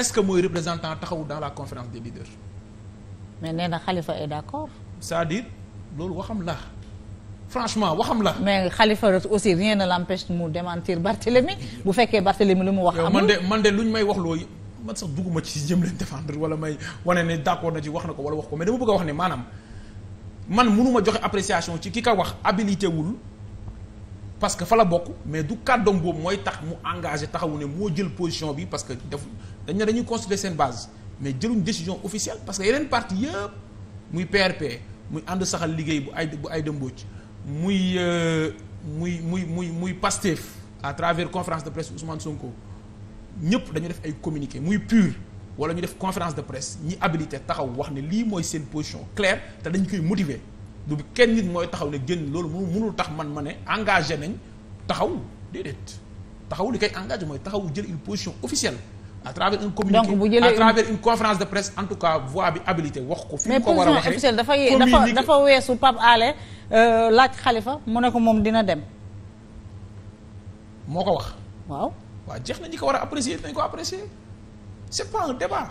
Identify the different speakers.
Speaker 1: est-ce que mooy représentant taxawu dans la conférence des leaders.
Speaker 2: mais nee na Khalifa est d'accord.
Speaker 1: c'est-à-dire loolu waxam la franchement waxam la.
Speaker 2: mais Khalifa aussi rien ne l'empêche mu démentir Barthélemy bu fekkee Barthélemy lu mu wax. amul
Speaker 1: man de lu de luñ may wax looy man sax dugguma ci jëm leen défendre wala may wane ne d'accord na ci wax na ko wala wax ko mais dama bëgg a wax ne maanaam man mënuma joxe appréciation ci ki ka wax habilité wul. parce que fa la bokk mais du kàddoom boobu mooy tax mu engagé taxawu ne moo jël position bi parce que def dañ ne seen base mais jëluñ décision officielle parce que yeneen parti yëpp muy PRP muy ànd saxal liggéey bu ay bu ay dëmbooc muy euh, muy muy muy muy Pastef à travers conférence de presse Ousmane Sonko ñëpp dañu def ay communiqué muy pur wala ñu def conférence de presse ñi habilité taxaw wax ne lii mooy seen position claire te dañu koy motiver du kenn nit mooy taxaw ne génn loolu mënu mënul tax man ma ne engagé nañ taxaw déedéet taxaw li koy engagé mooy taxaw jël une position officielle à travers un communiqué donc à travers une conférence de presse en tout cas voix bi habilité wax ko. fi mu ko war a waxee mais
Speaker 2: dafay dafa dafa weesu Pape Alé euh, laaj xalifa mu ne ko moom dina dem. moo ko wax.
Speaker 1: waaw. waaw jeex na ko war a apprécier dañ ko apprécier
Speaker 2: c'est pas débat.